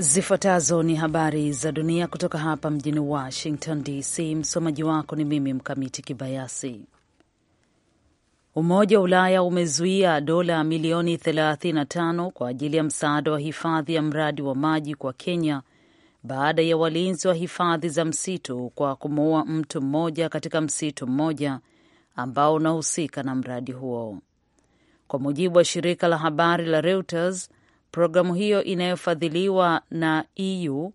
Zifuatazo ni habari za dunia kutoka hapa mjini Washington DC. Msomaji wako ni mimi Mkamiti Kibayasi. Umoja wa Ulaya umezuia dola milioni 35 kwa ajili ya msaada wa hifadhi ya mradi wa maji kwa Kenya baada ya walinzi wa hifadhi za msitu kwa kumuua mtu mmoja katika msitu mmoja ambao unahusika na mradi huo, kwa mujibu wa shirika la habari la Reuters. Programu hiyo inayofadhiliwa na EU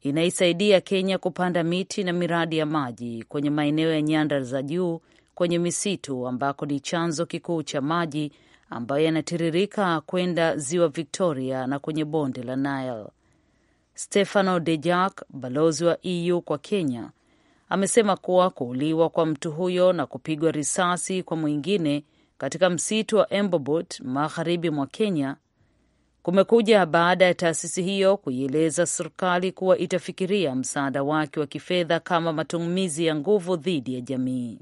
inaisaidia Kenya kupanda miti na miradi ya maji kwenye maeneo ya nyanda za juu kwenye misitu ambako ni chanzo kikuu cha maji ambayo yanatiririka kwenda ziwa Victoria na kwenye bonde la Nile. Stefano de Jack, balozi wa EU kwa Kenya, amesema kuwa kuuliwa kwa mtu huyo na kupigwa risasi kwa mwingine katika msitu wa Embobot magharibi mwa Kenya kumekuja baada ya taasisi hiyo kuieleza serikali kuwa itafikiria msaada wake wa kifedha kama matumizi ya nguvu dhidi ya jamii.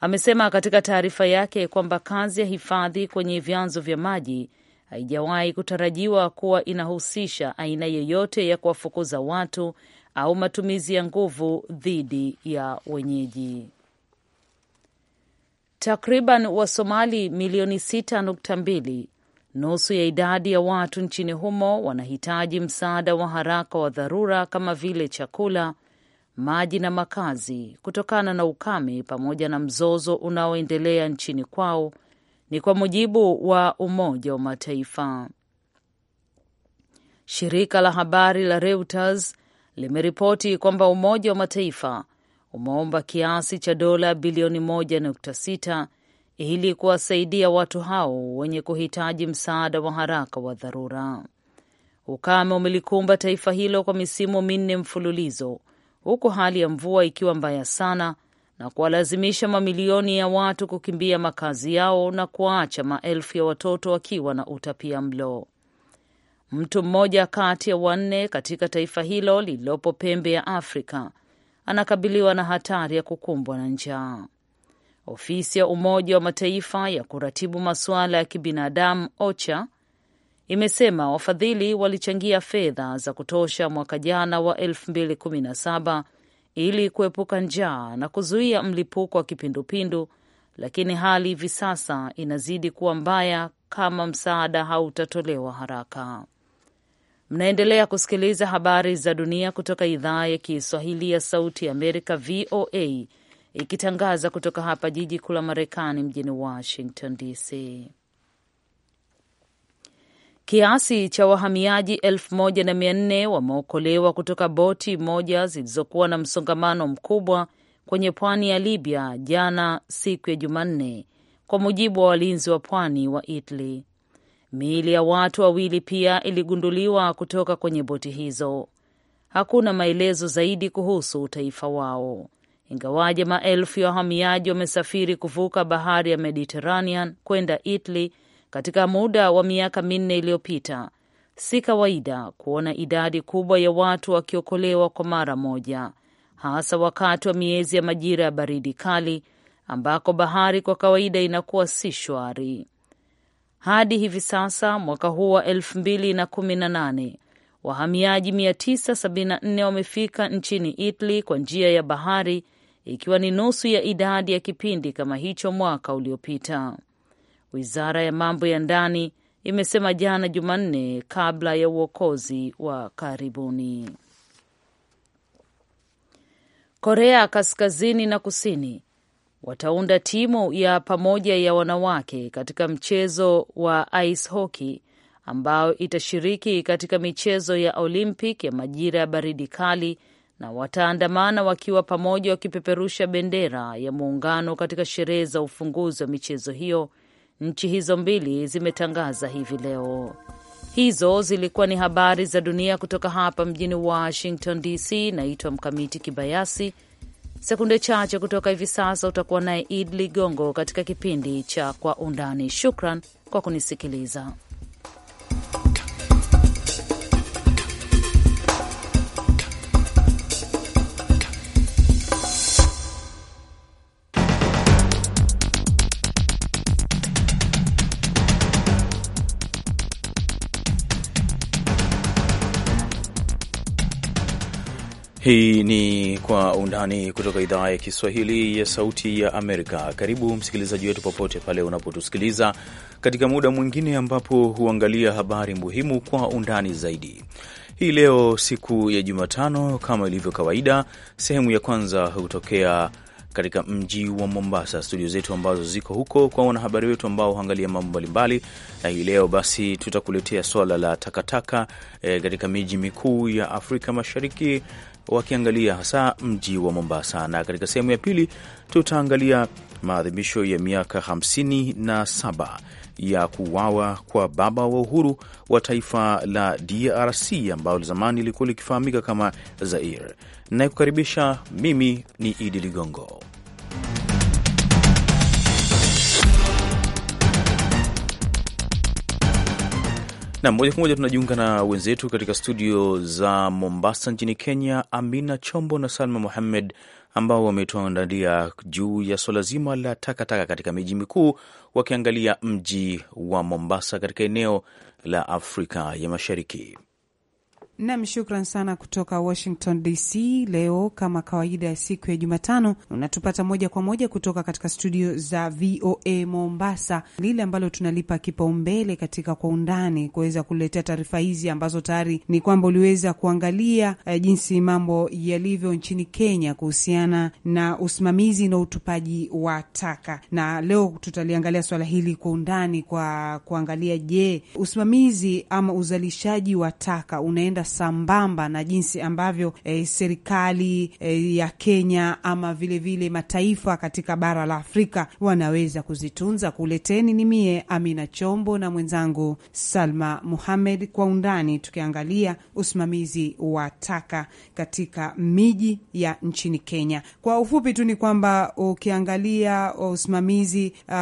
Amesema katika taarifa yake kwamba kazi ya hifadhi kwenye vyanzo vya maji haijawahi kutarajiwa kuwa inahusisha aina yoyote ya kuwafukuza watu au matumizi ya nguvu dhidi ya wenyeji. Takriban Wasomali milioni mbili Nusu ya idadi ya watu nchini humo wanahitaji msaada wa haraka wa dharura kama vile chakula, maji na makazi kutokana na ukame pamoja na mzozo unaoendelea nchini kwao, ni kwa mujibu wa Umoja wa Mataifa. Shirika la habari la Reuters limeripoti kwamba Umoja wa Mataifa umeomba kiasi cha dola bilioni 1.6 ili kuwasaidia watu hao wenye kuhitaji msaada wa haraka wa dharura. Ukame umelikumba taifa hilo kwa misimu minne mfululizo, huku hali ya mvua ikiwa mbaya sana na kuwalazimisha mamilioni ya watu kukimbia makazi yao na kuwaacha maelfu ya watoto wakiwa na utapia mlo. Mtu mmoja kati ya wanne katika taifa hilo lililopo pembe ya Afrika anakabiliwa na hatari ya kukumbwa na njaa. Ofisi ya Umoja wa Mataifa ya kuratibu masuala ya kibinadamu OCHA imesema wafadhili walichangia fedha za kutosha mwaka jana wa 2017 ili kuepuka njaa na kuzuia mlipuko wa kipindupindu, lakini hali hivi sasa inazidi kuwa mbaya kama msaada hautatolewa haraka. Mnaendelea kusikiliza habari za dunia kutoka idhaa ya Kiswahili ya Sauti ya Amerika, VOA, ikitangaza kutoka hapa jiji kuu la Marekani, mjini Washington DC. Kiasi cha wahamiaji elfu moja na mia nne wameokolewa kutoka boti moja zilizokuwa na msongamano mkubwa kwenye pwani ya Libya jana siku ya Jumanne, kwa mujibu wa walinzi wa pwani wa Italy. Miili ya watu wawili pia iligunduliwa kutoka kwenye boti hizo. Hakuna maelezo zaidi kuhusu utaifa wao ingawaje maelfu ya wahamiaji wamesafiri kuvuka bahari ya Mediterranean kwenda Italy katika muda wa miaka minne iliyopita. Si kawaida kuona idadi kubwa ya watu wakiokolewa kwa mara moja, hasa wakati wa miezi ya majira ya baridi kali ambako bahari kwa kawaida inakuwa si shwari. Hadi hivi sasa mwaka huu wa 2018 wahamiaji 974 wamefika nchini Italy kwa njia ya bahari ikiwa ni nusu ya idadi ya kipindi kama hicho mwaka uliopita. Wizara ya mambo ya ndani imesema jana Jumanne, kabla ya uokozi wa karibuni. Korea Kaskazini na Kusini wataunda timu ya pamoja ya wanawake katika mchezo wa ice hockey ambayo itashiriki katika michezo ya Olympic ya majira ya baridi kali na wataandamana wakiwa pamoja wakipeperusha bendera ya muungano katika sherehe za ufunguzi wa michezo hiyo. Nchi hizo mbili zimetangaza hivi leo. Hizo zilikuwa ni habari za dunia kutoka hapa mjini Washington DC. Naitwa Mkamiti Kibayasi. Sekunde chache kutoka hivi sasa utakuwa naye Id Ligongo katika kipindi cha Kwa Undani. Shukran kwa kunisikiliza. Hii ni Kwa Undani kutoka idhaa ya Kiswahili ya Sauti ya Amerika. Karibu msikilizaji wetu popote pale unapotusikiliza katika muda mwingine ambapo huangalia habari muhimu kwa undani zaidi. Hii leo siku ya Jumatano, kama ilivyo kawaida, sehemu ya kwanza hutokea katika mji wa Mombasa, studio zetu ambazo ziko huko, kwa wanahabari wetu ambao huangalia mambo mbalimbali. Na hii leo basi tutakuletea swala la takataka e, katika miji mikuu ya Afrika Mashariki, wakiangalia hasa mji wa Mombasa, na katika sehemu ya pili tutaangalia maadhimisho ya miaka 57 ya kuuawa kwa baba wa uhuru wa taifa la DRC ambayo zamani ilikuwa likifahamika kama Zaire. Nayekukaribisha mimi ni Idi Ligongo. Na moja kwa moja tunajiunga na wenzetu katika studio za Mombasa nchini Kenya, Amina Chombo na Salma Muhammed ambao wametuandalia juu ya suala zima la takataka katika miji mikuu, wakiangalia mji wa Mombasa katika eneo la Afrika ya Mashariki. Nam, shukran sana kutoka Washington DC. Leo kama kawaida ya siku ya Jumatano, unatupata moja kwa moja kutoka katika studio za VOA Mombasa, lile ambalo tunalipa kipaumbele katika kwa undani kuweza kuletea taarifa hizi ambazo tayari ni kwamba uliweza kuangalia eh, jinsi mambo yalivyo nchini Kenya kuhusiana na usimamizi na utupaji wa taka, na leo tutaliangalia swala hili kwa undani kwa kuangalia, je, usimamizi ama uzalishaji wa taka unaenda sambamba na jinsi ambavyo e, serikali e, ya Kenya ama vilevile vile mataifa katika bara la Afrika wanaweza kuzitunza. Kuleteni ni mie Amina Chombo na mwenzangu Salma Muhamed, kwa undani tukiangalia usimamizi wa taka katika miji ya nchini Kenya. Kwa ufupi tu ni kwamba ukiangalia uh, usimamizi uh,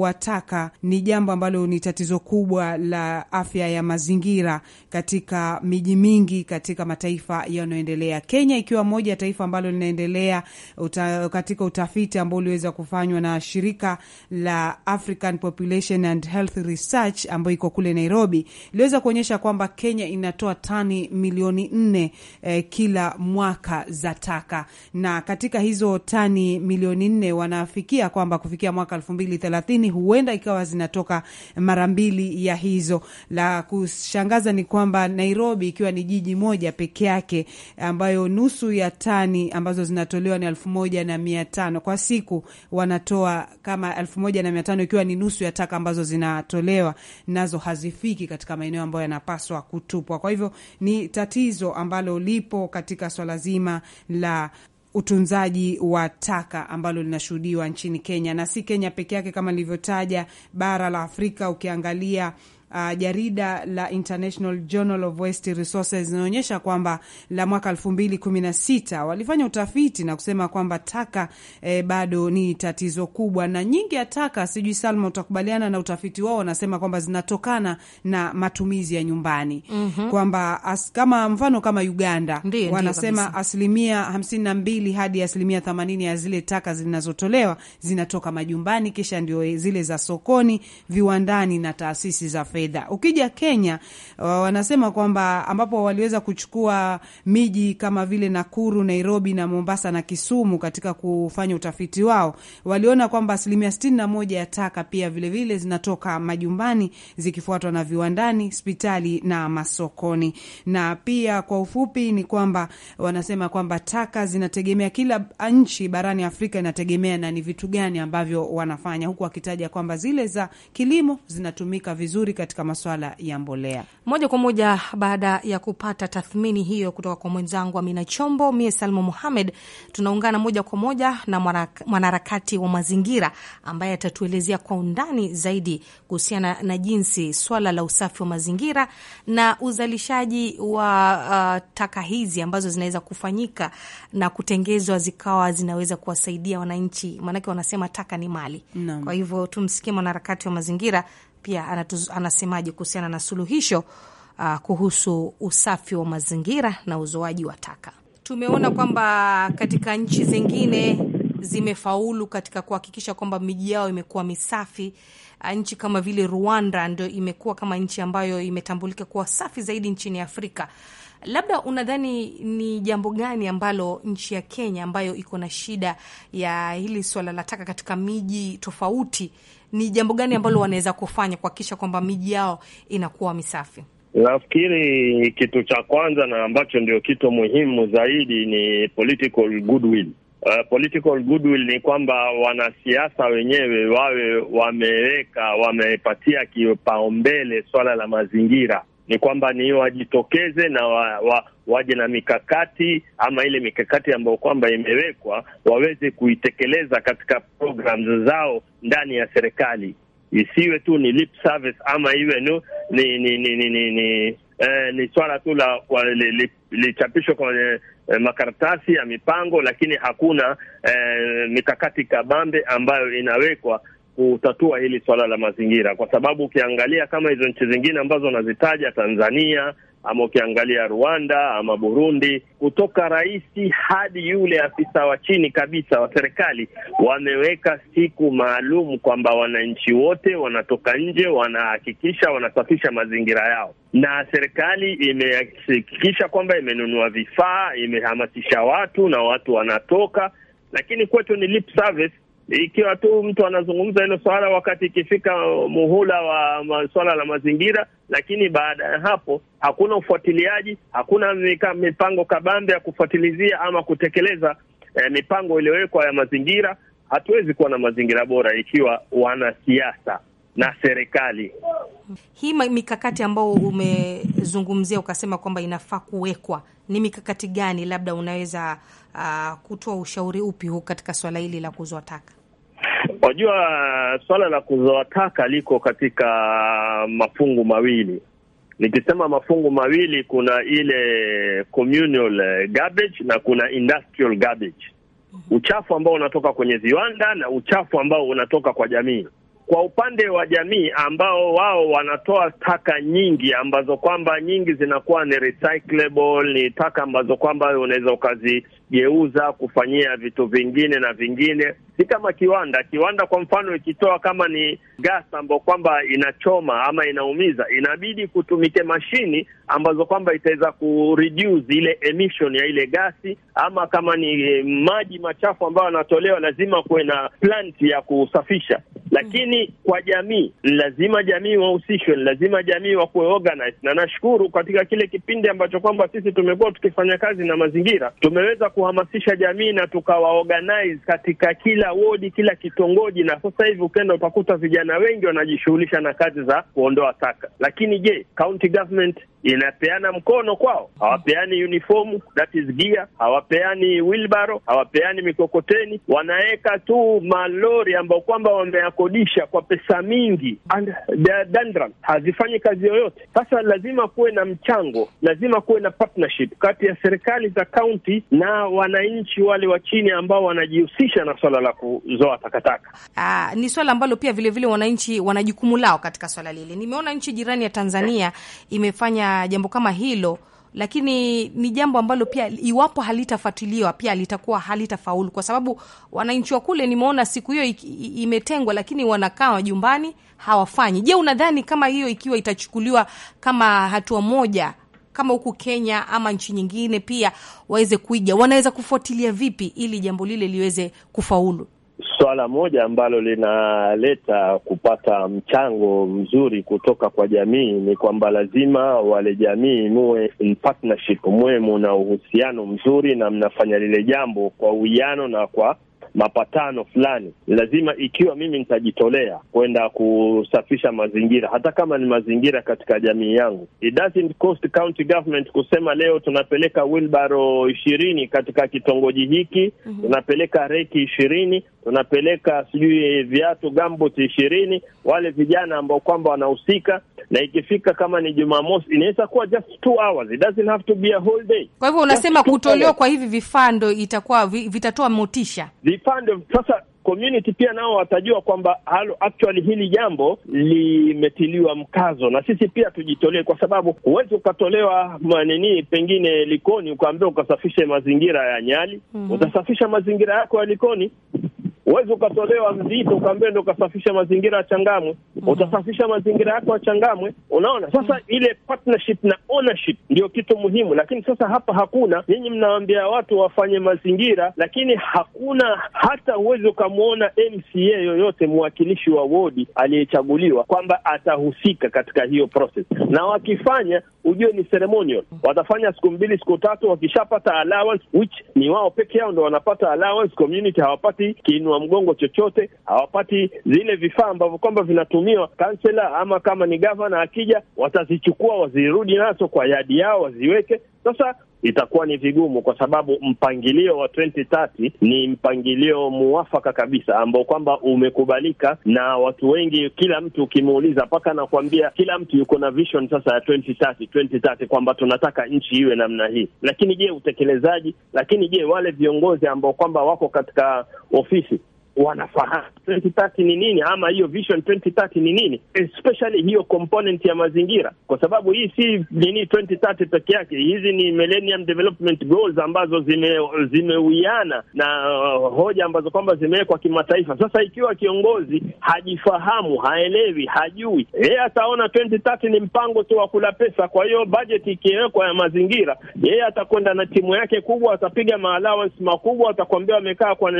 wa taka ni jambo ambalo ni tatizo kubwa la afya ya mazingira katika miji mingi katika mataifa yanayoendelea. Kenya ikiwa moja ya taifa ambalo linaendelea uta, katika utafiti ambao uliweza kufanywa na shirika la African Population and Health Research ambayo iko kule Nairobi, iliweza kuonyesha kwamba Kenya inatoa tani milioni nne eh, kila mwaka za taka, na katika hizo tani milioni nne wanafikia kwamba kufikia mwaka elfu mbili thelathini huenda ikawa zinatoka mara mbili ya hizo. La kushangaza ni kwamba Nairobi ikiwa ni jiji moja peke yake ambayo nusu ya tani ambazo zinatolewa ni elfu moja na mia tano kwa siku. Wanatoa kama elfu moja na mia tano ikiwa ni nusu ya taka ambazo zinatolewa, nazo hazifiki katika maeneo ambayo yanapaswa kutupwa. Kwa hivyo ni tatizo ambalo lipo katika swala zima la utunzaji wa taka ambalo linashuhudiwa nchini Kenya na si Kenya peke yake. Kama nilivyotaja, bara la Afrika ukiangalia uh, jarida la International Journal of Waste Resources inaonyesha kwamba la mwaka 2016 walifanya utafiti na kusema kwamba taka eh, bado ni tatizo kubwa, na nyingi ya taka, sijui Salma utakubaliana na utafiti wao, wanasema kwamba zinatokana na matumizi ya nyumbani mm -hmm. kwamba as, kama mfano kama Uganda ndiye, wanasema ndiye, asilimia 52 hadi asilimia 80 ya zile taka zinazotolewa zinatoka majumbani, kisha ndio eh, zile za sokoni, viwandani na taasisi za fedha fedha. Ukija Kenya uh, wanasema kwamba ambapo waliweza kuchukua miji kama vile Nakuru, Nairobi na Mombasa na Kisumu katika kufanya utafiti wao, waliona kwamba asilimia sitini na moja ya taka pia vilevile vile zinatoka majumbani zikifuatwa na viwandani, hospitali na masokoni. Na pia kwa ufupi ni kwamba wanasema kwamba taka zinategemea, kila nchi barani Afrika inategemea na ni vitu gani ambavyo wanafanya, huku wakitaja kwamba zile za kilimo zinatumika vizuri katika masuala ya mbolea. Moja kwa moja baada ya kupata tathmini hiyo kutoka kwa mwenzangu Amina Chombo, mie Salma Muhamed, tunaungana moja kwa moja na mwanaharakati wa mazingira ambaye atatuelezea kwa undani zaidi kuhusiana na jinsi swala la usafi wa mazingira na uzalishaji wa uh, taka hizi ambazo zinaweza kufanyika na kutengezwa zikawa zinaweza kuwasaidia wananchi, maanake wanasema taka ni mali no. Kwa hivyo tumsikie mwanaharakati wa mazingira pia anatuz, anasemaje kuhusiana na suluhisho uh, kuhusu usafi wa mazingira na uzoaji wa taka. Tumeona kwamba katika nchi zingine zimefaulu katika kuhakikisha kwamba miji yao imekuwa misafi. Uh, nchi kama vile Rwanda ndio imekuwa kama nchi ambayo imetambulika kuwa safi zaidi nchini Afrika. Labda unadhani ni jambo gani ambalo nchi ya Kenya ambayo iko na shida ya hili swala la taka katika miji tofauti ni jambo gani ambalo mhm. wanaweza kufanya kuhakikisha kwamba miji yao inakuwa misafi? Nafikiri kitu cha kwanza na ambacho ndio kitu muhimu zaidi ni political goodwill. Uh, political goodwill ni kwamba wanasiasa wenyewe wawe wameweka wamepatia kipaumbele swala la mazingira ni kwamba ni wajitokeze na wa, wa, waje na mikakati ama ile mikakati ambayo kwamba imewekwa waweze kuitekeleza katika programs zao ndani ya serikali, isiwe tu ni lip service ama iwe ni ni ni ni, ni, ni, eh, ni swala tu la lichapishwa li, li kwenye eh, makaratasi ya mipango, lakini hakuna eh, mikakati kabambe ambayo inawekwa kutatua hili swala la mazingira, kwa sababu ukiangalia kama hizo nchi zingine ambazo wanazitaja Tanzania ama ukiangalia Rwanda ama Burundi, kutoka rais hadi yule afisa wa chini kabisa wa serikali, wameweka siku maalum kwamba wananchi wote wanatoka nje, wanahakikisha wanasafisha mazingira yao, na serikali imehakikisha kwamba imenunua vifaa, imehamasisha watu na watu wanatoka, lakini kwetu ni lip service ikiwa tu mtu anazungumza hilo swala wakati ikifika muhula wa swala la mazingira, lakini baada ya hapo hakuna ufuatiliaji, hakuna mipango kabambe ya kufuatilizia ama kutekeleza eh, mipango iliyowekwa ya mazingira. Hatuwezi kuwa na mazingira bora ikiwa wanasiasa na serikali hii mikakati ambayo umezungumzia ukasema kwamba inafaa kuwekwa, ni mikakati gani? Labda unaweza uh, kutoa ushauri upi huu katika swala hili la kuzwa taka? Wajua, swala la kuzoa taka liko katika mafungu mawili. Nikisema mafungu mawili, kuna ile communal eh, garbage na kuna industrial garbage, mhm. uchafu ambao unatoka kwenye viwanda na uchafu ambao unatoka kwa jamii. Kwa upande wa jamii, ambao wao wanatoa taka nyingi ambazo kwamba nyingi zinakuwa ni recyclable, ni taka ambazo kwamba unaweza ukazigeuza kufanyia vitu vingine na vingine si kama kiwanda. Kiwanda kwa mfano, ikitoa kama ni gas ambayo kwamba inachoma ama inaumiza, inabidi kutumike mashini ambazo kwamba itaweza kureduce ile emission ya ile gasi, ama kama ni eh, maji machafu ambayo yanatolewa, lazima kuwe na plant ya kusafisha. Lakini mhm. kwa jamii ni lazima jamii wahusishwe, ni lazima jamii wakuwe organize, na nashukuru katika kile kipindi ambacho kwamba sisi tumekuwa tukifanya kazi na mazingira, tumeweza kuhamasisha jamii na tukawa organize katika kila kila wodi, kila kitongoji, na sasa hivi ukenda utakuta vijana wengi wanajishughulisha na kazi za kuondoa taka. Lakini je, county government inapeana mkono kwao, hawapeani uniformu, that is gear, hawapeani wilbaro, hawapeani mikokoteni, wanaweka tu malori ambayo kwamba wameyakodisha kwa pesa mingi, and hazifanyi kazi yoyote. Sasa lazima kuwe na mchango, lazima kuwe na partnership kati ya serikali za kaunti na wananchi wale wa chini ambao wanajihusisha na swala la kuzoa takataka. Aa, ah, ni swala ambalo pia vilevile wananchi wana jukumu lao katika swala lile. Nimeona nchi jirani ya Tanzania imefanya jambo kama hilo, lakini ni jambo ambalo pia iwapo halitafuatiliwa pia litakuwa halitafaulu, kwa sababu wananchi wa kule nimeona siku hiyo imetengwa, lakini wanakaa majumbani hawafanyi. Je, unadhani kama hiyo ikiwa itachukuliwa kama hatua moja kama huku Kenya ama nchi nyingine pia waweze kuiga, wanaweza kufuatilia vipi ili jambo lile liweze kufaulu? swala moja ambalo linaleta kupata mchango mzuri kutoka kwa jamii ni kwamba lazima wale jamii muwe in partnership, muwe muna uhusiano mzuri na mnafanya lile jambo kwa uwiano na kwa mapatano fulani, lazima ikiwa mimi nitajitolea kwenda kusafisha mazingira, hata kama ni mazingira katika jamii yangu, it doesn't cost county government kusema leo tunapeleka wilbaro ishirini katika kitongoji hiki mm -hmm. tunapeleka reki ishirini tunapeleka sijui viatu gambut ishirini. Wale vijana ambao kwamba wanahusika na ikifika kama ni Jumamosi inaweza kuwa just two hours, it doesn't have to be a whole day. Kwa hivyo unasema kutolewa kwa hivi vifaa ndo itakuwa vitatoa motisha vifaa ndo sasa community pia nao watajua kwamba halo, actually hili jambo limetiliwa mkazo, na sisi pia tujitolee, kwa sababu huwezi ukatolewa manini pengine Likoni ukaambiwa ukasafishe mazingira ya Nyali. mm -hmm. Utasafisha mazingira yako ya Likoni? Huwezi ukatolewa mzito ukaambia ndo ukasafisha mazingira ya Changamwe. mm -hmm. Utasafisha mazingira yako ya Changamwe, unaona mhm. sasa. mm -hmm. Ile partnership na ownership ndio kitu muhimu, lakini sasa hapa hakuna. Nyinyi mnawaambia watu wafanye mazingira, lakini hakuna hata, huwezi ukamwona MCA yoyote mwakilishi wa wodi aliyechaguliwa kwamba atahusika katika hiyo process, na wakifanya ujue ni ceremonial. Mm. Watafanya siku mbili siku tatu, wakishapata allowance which ni wao peke yao ndo wanapata allowance, community hawapati kiinua mgongo chochote, hawapati zile vifaa ambavyo kwamba vinatumiwa. Kansela ama kama ni gavana akija, watazichukua wazirudi nazo kwa yadi yao waziweke sasa itakuwa ni vigumu kwa sababu mpangilio wa 2030 ni mpangilio muwafaka kabisa ambao kwamba umekubalika na watu wengi. Kila mtu ukimuuliza, mpaka anakuambia kila mtu yuko na vision sasa ya 2030, 2030 kwamba tunataka nchi iwe namna hii. Lakini je, utekelezaji? Lakini je, wale viongozi ambao kwamba wako katika ofisi wanafahamu 2030 ni nini ama hiyo vision 2030 ni nini, especially hiyo component ya mazingira, kwa sababu hii si nini 2030 peke yake. Hizi ni Millennium Development Goals ambazo zimeuiana zime na uh, hoja ambazo kwamba zimewekwa kimataifa. Sasa ikiwa kiongozi hajifahamu, haelewi, hajui, yeye ataona 2030 ni mpango tu wa kula pesa. Kwa hiyo budget ikiwekwa ya mazingira, yeye atakwenda na timu yake kubwa, atapiga ma makubwa, atakwambia wamekaa kwa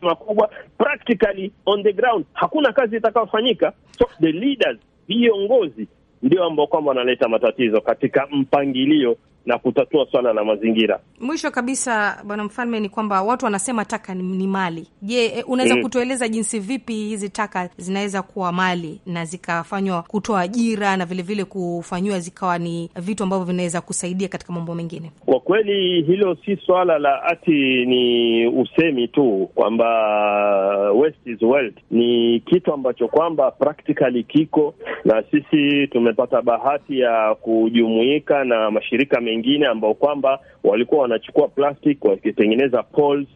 makubwa practically on the ground hakuna kazi itakayofanyika. So the leaders, viongozi ndio ambao kwamba wanaleta matatizo katika mpangilio na kutatua swala la mazingira. Mwisho kabisa, bwana mfalme, ni kwamba watu wanasema taka ni, ni mali. Je, e, unaweza mm, kutueleza jinsi vipi hizi taka zinaweza kuwa mali na zikafanywa kutoa ajira na vilevile kufanyiwa zikawa ni vitu ambavyo vinaweza kusaidia katika mambo mengine? Kwa kweli hilo si swala la ati ni usemi tu kwamba waste is wealth. Ni kitu ambacho kwamba practically kiko na sisi tumepata bahati ya kujumuika na mashirika mengine ambao kwamba walikuwa wanachukua plastic wakitengeneza poles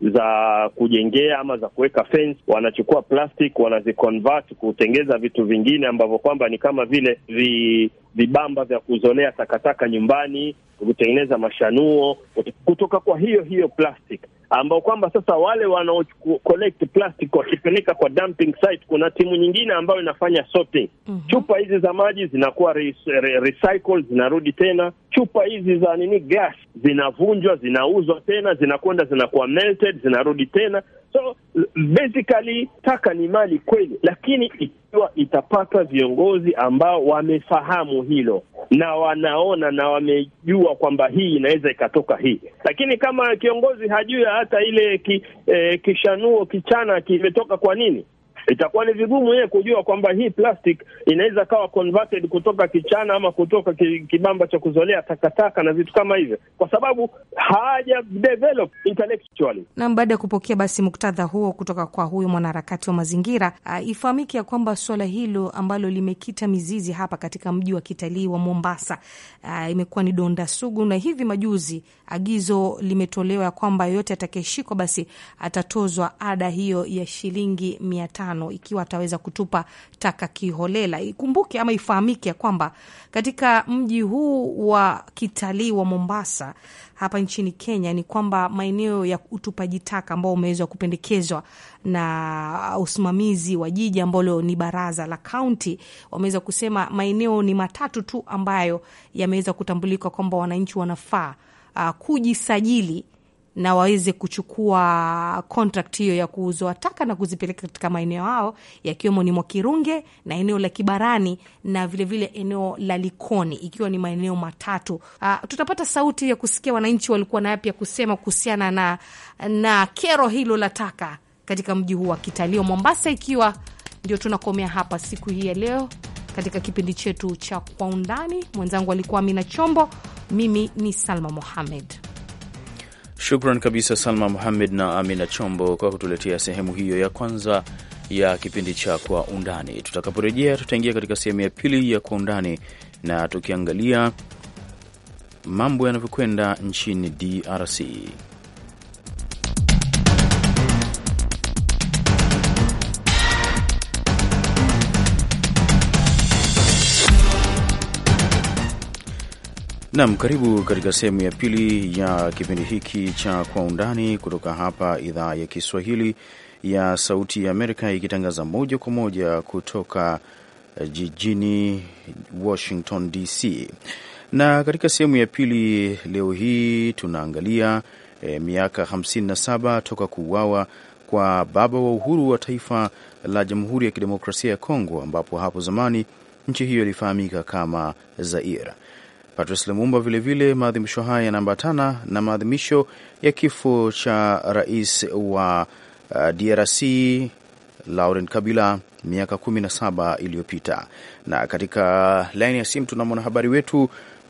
za kujengea ama za kuweka fence, wanachukua plastic wanaziconvert kutengeza vitu vingine ambavyo kwamba ni kama vile vi vibamba vya kuzolea takataka nyumbani, kutengeneza mashanuo kutoka kwa hiyo hiyo plastic, ambao kwamba sasa wale wanao collect plastic wakipeleka kwa dumping site, kuna timu nyingine ambayo inafanya sorting. Mm -hmm. Chupa hizi za maji zinakuwa re re recycled, zinarudi tena. Chupa hizi za nini gas zinavunjwa, zinauzwa tena, zinakwenda zinakuwa melted, zinarudi tena So basically taka ni mali kweli, lakini ikiwa itapata viongozi ambao wamefahamu hilo na wanaona na wamejua kwamba hii inaweza ikatoka hii, lakini kama kiongozi hajui hata ile ki, eh, kishanuo kichana kimetoka kwa nini itakuwa ni vigumu yeye kujua kwamba hii plastic inaweza kawa converted kutoka kichana ama kutoka kibamba cha kuzolea takataka na vitu kama hivyo, kwa sababu haja develop intellectually. Na baada ya kupokea basi muktadha huo kutoka kwa huyo mwanaharakati wa mazingira, uh, ifahamike ya kwamba suala hilo ambalo limekita mizizi hapa katika mji wa kitalii wa Mombasa, ah, imekuwa ni donda sugu, na hivi majuzi agizo limetolewa ya kwamba yeyote atakayeshikwa basi atatozwa ada hiyo ya shilingi mia tano tano ikiwa ataweza kutupa taka kiholela. Ikumbuke ama ifahamike ya kwamba katika mji huu wa kitalii wa Mombasa hapa nchini Kenya ni kwamba maeneo ya utupaji taka ambao umeweza kupendekezwa na usimamizi wa jiji ambalo ni baraza la kaunti, wameweza kusema maeneo ni matatu tu ambayo yameweza kutambulika kwamba wananchi wanafaa uh, kujisajili na waweze kuchukua contract hiyo ya kuuzoa taka na kuzipeleka katika maeneo hao yakiwemo ni Mwakirunge na eneo la Kibarani na vilevile vile eneo la Likoni, ikiwa ni maeneo matatu. Uh, tutapata sauti ya kusikia wananchi walikuwa na yapi ya kusema kuhusiana na, na kero hilo la taka katika mji huu wa kitalii Mombasa, ikiwa ndio tunakomea hapa siku hii ya leo katika kipindi chetu cha Kwa Undani. Mwenzangu alikuwa Amina Chombo, mimi ni Salma Mohamed. Shukran kabisa Salma Muhamed na Amina Chombo kwa kutuletea sehemu hiyo ya kwanza ya kipindi cha Kwa Undani. Tutakaporejea tutaingia katika sehemu ya pili ya Kwa Undani na tukiangalia mambo yanavyokwenda nchini DRC. Nam, karibu katika sehemu ya pili ya kipindi hiki cha Kwa Undani kutoka hapa idhaa ya Kiswahili ya Sauti ya Amerika, ikitangaza moja kwa moja kutoka eh, jijini Washington DC. Na katika sehemu ya pili leo hii tunaangalia e, miaka 57 toka kuuawa kwa baba wa uhuru wa taifa la Jamhuri ya Kidemokrasia ya Kongo, ambapo hapo zamani nchi hiyo ilifahamika kama Zaire. Patrice Lumumba. Vilevile, maadhimisho haya yanaambatana na maadhimisho ya kifo cha rais wa uh, DRC Laurent Kabila miaka 17 iliyopita. Na katika laini ya simu tuna mwanahabari wetu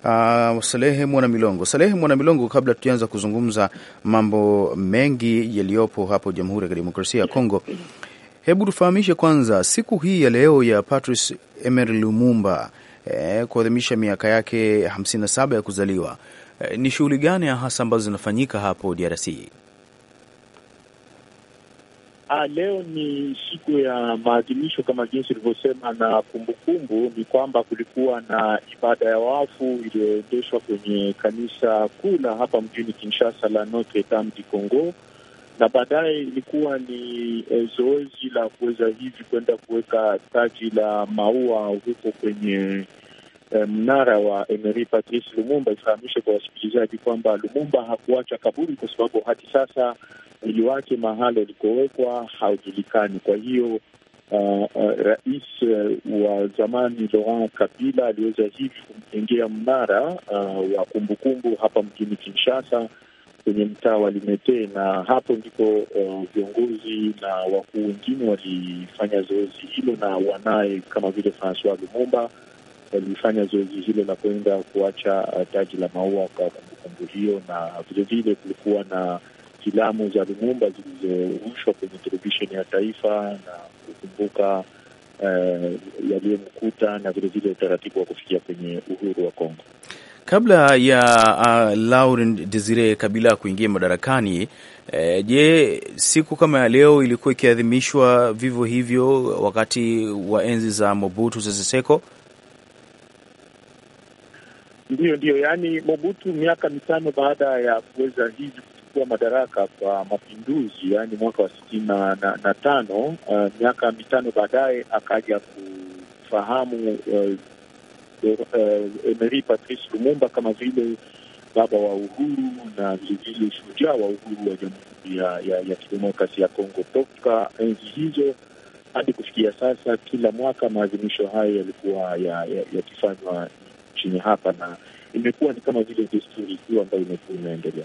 uh, Salehe Mwana Milongo. Salehe Mwana Milongo, kabla tujaanza kuzungumza mambo mengi yaliyopo hapo Jamhuri ya Kidemokrasia ya Kongo, hebu tufahamishe kwanza siku hii ya leo ya Patrice Emery Lumumba eh, kuadhimisha miaka yake 57 ya kuzaliwa. Eh, ni shughuli gani hasa ambazo zinafanyika hapo DRC? Ah, leo ni siku ya maadhimisho kama jinsi ulivyosema, na kumbukumbu ni kwamba kulikuwa na ibada ya wafu iliyoendeshwa kwenye kanisa kuu la hapa mjini Kinshasa la Notre Dame du Congo na baadaye ilikuwa ni e, zoezi la kuweza hivi kwenda kuweka taji la maua huko kwenye e, mnara wa Emery Patrice Lumumba. Ifahamishe kwa wasikilizaji kwamba Lumumba hakuacha kaburi, kwa sababu hadi sasa mwili wake mahali alikowekwa haujulikani. Kwa hiyo Uh, uh, rais uh, wa zamani Laurent Kabila aliweza hivi kumjengea mnara uh, wa kumbukumbu hapa mjini Kinshasa kwenye mtaa wa Limete, na hapo ndipo uh, viongozi uh, na wakuu wengine walifanya zoezi hilo, na wanaye kama vile Francois Lumumba walifanya zoezi hilo la kwenda kuacha uh, taji la maua kwa kumbukumbu hiyo, na vilevile kulikuwa na filamu za Lumumba zilizorushwa kwenye televisheni ya taifa na kukumbuka uh, yaliyomkuta na vilevile utaratibu wa kufikia kwenye uhuru wa Kongo kabla ya uh, Laurent Desire Kabila kuingia madarakani. E, je, siku kama ya leo ilikuwa ikiadhimishwa vivyo hivyo wakati wa enzi za Mobutu Sese Seko? Ndiyo, ndiyo, yaani Mobutu miaka mitano baada ya kuweza hivi kuchukua madaraka kwa mapinduzi, yaani mwaka wa sitini na, na, na tano, uh, miaka mitano baadaye akaja kufahamu uh, de uh, Emery Patrice Lumumba kama vile baba wa uhuru na vilevile shujaa wa uhuru wa Jamhuri ya, ya, ya Kidemokrasi ya Kongo. Toka enzi hizo hadi kufikia sasa, kila mwaka maadhimisho hayo yalikuwa yakifanywa ya, ya nchini hapa na imekuwa ni kama vile desturi hiyo ambayo imekuwa inaendelea.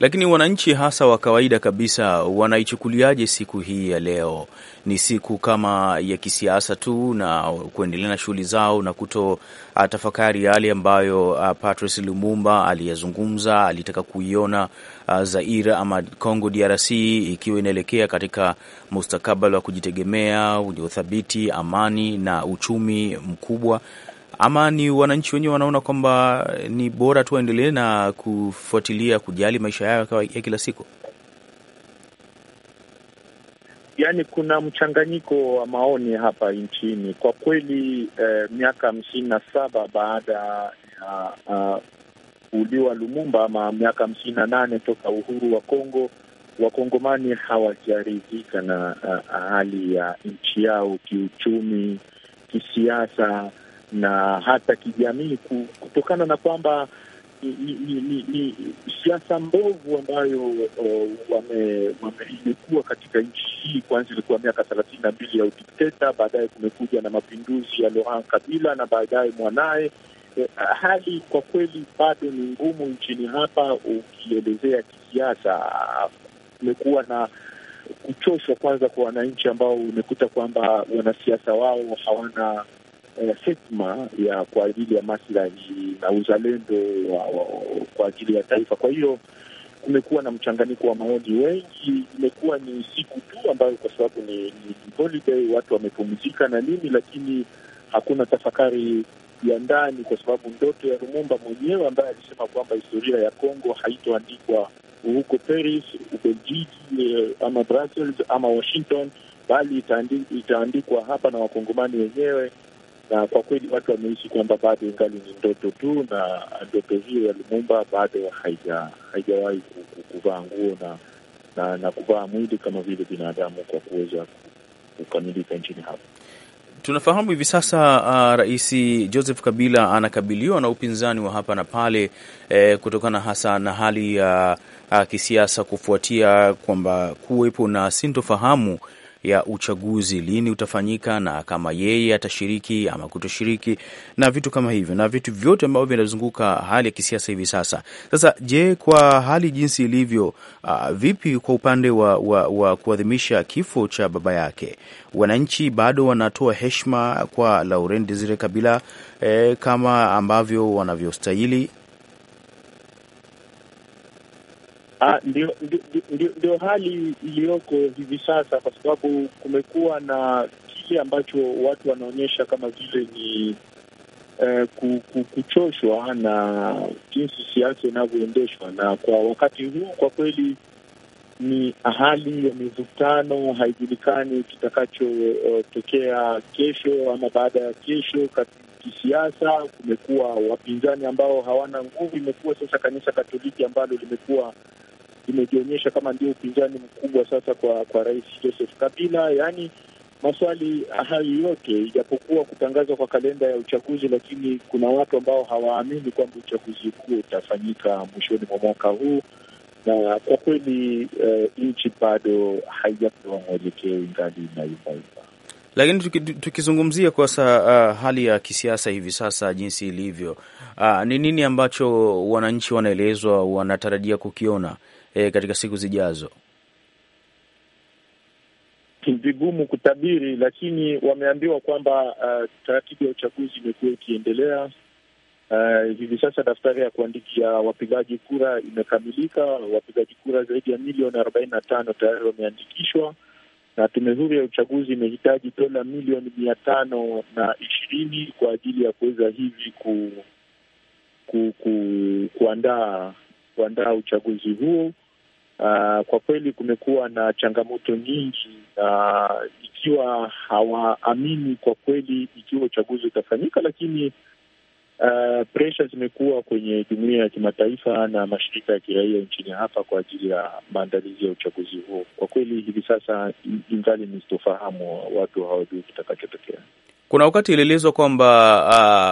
Lakini wananchi hasa wa kawaida kabisa wanaichukuliaje siku hii ya leo? Ni siku kama ya kisiasa tu na kuendelea na shughuli zao na kuto ah, tafakari yale ambayo uh, Patrice Lumumba aliyazungumza, alitaka kuiona zair ah, Zaire ama Congo DRC ikiwa inaelekea katika mustakabali wa kujitegemea wenye uthabiti, amani na uchumi mkubwa ama ni wananchi wenyewe wanaona kwamba ni bora tu waendelee na kufuatilia kujali maisha yao ya kila siku? Yaani, kuna mchanganyiko wa maoni hapa nchini kwa kweli. Eh, miaka hamsini na saba baada ya uh, kuuliwa Lumumba ama miaka hamsini na nane toka uhuru wa Kongo, Wakongomani hawajaridhika na uh, hali ya nchi yao kiuchumi, kisiasa na hata kijamii, kutokana na kwamba ni, siasa mbovu ambayo imekuwa katika nchi hii. Kwanza ilikuwa miaka thelathini na mbili ya udikteta, baadaye kumekuja na mapinduzi ya Laurent Kabila na baadaye mwanaye. Eh, hali kwa kweli bado ni ngumu nchini hapa. Ukielezea kisiasa, kumekuwa na kuchoshwa kwanza kwa wananchi ambao umekuta kwamba wanasiasa wao hawana eh, hekima ya kwa ajili ya maslahi na uzalendo wa, wa, kwa ajili ya taifa. Kwa hiyo kumekuwa na mchanganyiko wa maoni wengi. Imekuwa ni siku tu ambayo kwa sababu ni, ni holiday, watu wamepumzika na nini, lakini hakuna tafakari ya ndani, kwa sababu ndoto ya Lumumba mwenyewe ambaye alisema kwamba historia ya Kongo haitoandikwa huko Paris, eh, ama Brussels ama Washington, bali itaandikwa hapa na wakongomani wenyewe na kwa kweli watu wameishi kwamba bado ingali ni ndoto tu, na ndoto hiyo ya Lumumba bado haija haijawahi kuvaa nguo na na, na kuvaa mwili kama vile binadamu kwa kuweza kukamilika nchini hapo. Tunafahamu hivi sasa uh, Rais Joseph Kabila anakabiliwa na upinzani wa hapa na pale eh, kutokana hasa na hali ya uh, uh, kisiasa kufuatia kwamba kuwepo na sintofahamu ya uchaguzi lini utafanyika na kama yeye atashiriki ama kutoshiriki na vitu kama hivyo na vitu vyote ambavyo vinazunguka hali ya kisiasa hivi sasa. Sasa je, kwa hali jinsi ilivyo, uh, vipi kwa upande wa, wa, wa kuadhimisha kifo cha baba yake? Wananchi bado wanatoa heshima kwa Laurent Desire Kabila eh, kama ambavyo wanavyostahili Ah, ndio, ndio, ndio hali iliyoko hivi sasa, kwa sababu kumekuwa na kile ambacho watu wanaonyesha kama vile ni eh, kuchoshwa na jinsi siasa inavyoendeshwa, na kwa wakati huu kwa kweli ni hali ya mivutano. Haijulikani kitakachotokea eh, uh, kesho ama baada ya kesho kisiasa. Kumekuwa wapinzani ambao hawana nguvu, imekuwa sasa kanisa Katoliki ambalo limekuwa imejionyesha kama ndio upinzani mkubwa sasa kwa kwa Rais Joseph Kabila. Yaani maswali hayo yote, ijapokuwa kutangazwa kwa kalenda ya uchaguzi, lakini kuna watu ambao hawaamini kwamba uchaguzi huo utafanyika mwishoni mwa mwaka huu, na kwa kweli uh, nchi bado haijapewa mwelekeo, ingali inayumayuma. Lakini tukizungumzia kwa sa, uh, hali ya kisiasa hivi sasa jinsi ilivyo, ah, ni uh, nini ambacho wananchi wanaelezwa wanatarajia kukiona e, katika siku zijazo? Vigumu kutabiri, lakini wameambiwa kwamba uh, taratibu ya uchaguzi imekuwa ikiendelea. Uh, hivi sasa daftari ya kuandikia wapigaji kura imekamilika. Wapigaji kura zaidi ya milioni arobaini na tano tayari wameandikishwa, na tume huru ya uchaguzi imehitaji dola milioni mia tano na ishirini kwa ajili ya kuweza hivi ku, ku, ku, kuandaa kuandaa uchaguzi huo. Uh, kwa kweli kumekuwa na changamoto nyingi na uh, ikiwa hawaamini kwa kweli ikiwa uchaguzi utafanyika, lakini uh, presha zimekuwa kwenye jumuiya ya kimataifa na mashirika ya kiraia nchini hapa kwa ajili ya maandalizi ya uchaguzi huo. Kwa kweli hivi sasa ingali ni sitofahamu, watu hawajui kitakachotokea. Kuna wakati ilielezwa kwamba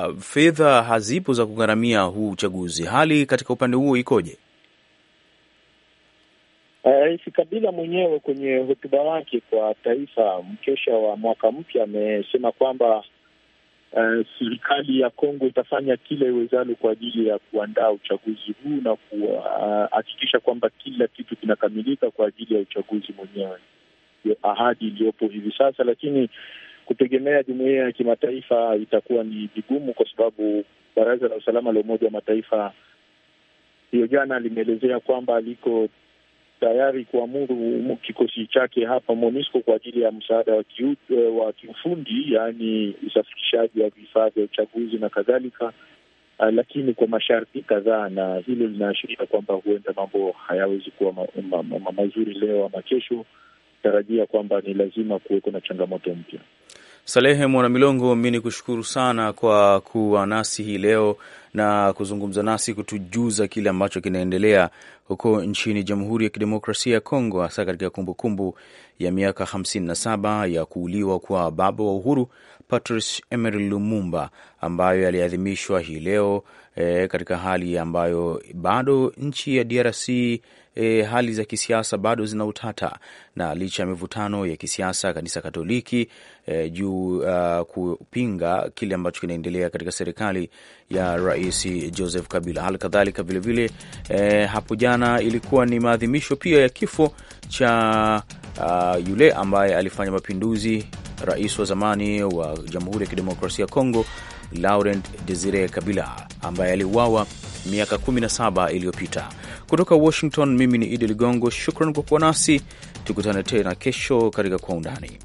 uh, fedha hazipo za kugharamia huu uchaguzi. Hali katika upande huo ikoje? Eh, Rais uh, Kabila mwenyewe kwenye hotuba wake kwa taifa mkesha wa mwaka mpya amesema kwamba uh, serikali ya Kongo itafanya kila iwezalo kwa ajili ya kuandaa uchaguzi huu na kuhakikisha uh, kwamba kila kitu kinakamilika kwa ajili ya uchaguzi mwenyewe, ndio ahadi iliyopo hivi sasa, lakini kutegemea jumuiya ya kimataifa itakuwa ni vigumu, kwa sababu baraza la usalama la Umoja wa Mataifa hiyo jana limeelezea kwamba liko tayari kuamuru kikosi chake hapa MONUSCO kwa ajili ya msaada wa kiu, eh, wa kiufundi yaani usafirishaji wa vifaa vya uchaguzi na kadhalika, ah, lakini kwa masharti kadhaa, na hilo linaashiria kwamba huenda mambo hayawezi kuwa ma, ma, ma, ma, mazuri leo ama kesho. Tarajia kwamba ni lazima kuweko na changamoto mpya. Salehe Mwanamilongo, mi ni kushukuru sana kwa kuwa nasi hii leo na kuzungumza nasi kutujuza kile ambacho kinaendelea huko nchini Jamhuri ya Kidemokrasia ya Kongo, hasa katika kumbukumbu ya miaka 57 ya kuuliwa kwa baba wa uhuru Patrice Emery Lumumba, ambayo yaliadhimishwa hii leo e, katika hali ambayo bado nchi ya DRC e, hali za kisiasa bado zina utata na licha ya mivutano ya kisiasa kanisa Katoliki e, juu uh, kupinga kile ambacho kinaendelea katika serikali ya Rais Joseph Kabila. Hali kadhalika vilevile e, hapo jana ilikuwa ni maadhimisho pia ya kifo cha uh, yule ambaye alifanya mapinduzi, rais wa zamani wa Jamhuri ya Kidemokrasia ya Kongo Laurent Desire Kabila ambaye aliuawa miaka 17 iliyopita. Kutoka Washington, mimi ni Idi Ligongo, shukran kwa kuwa nasi. Tukutane tena kesho katika Kwa Undani.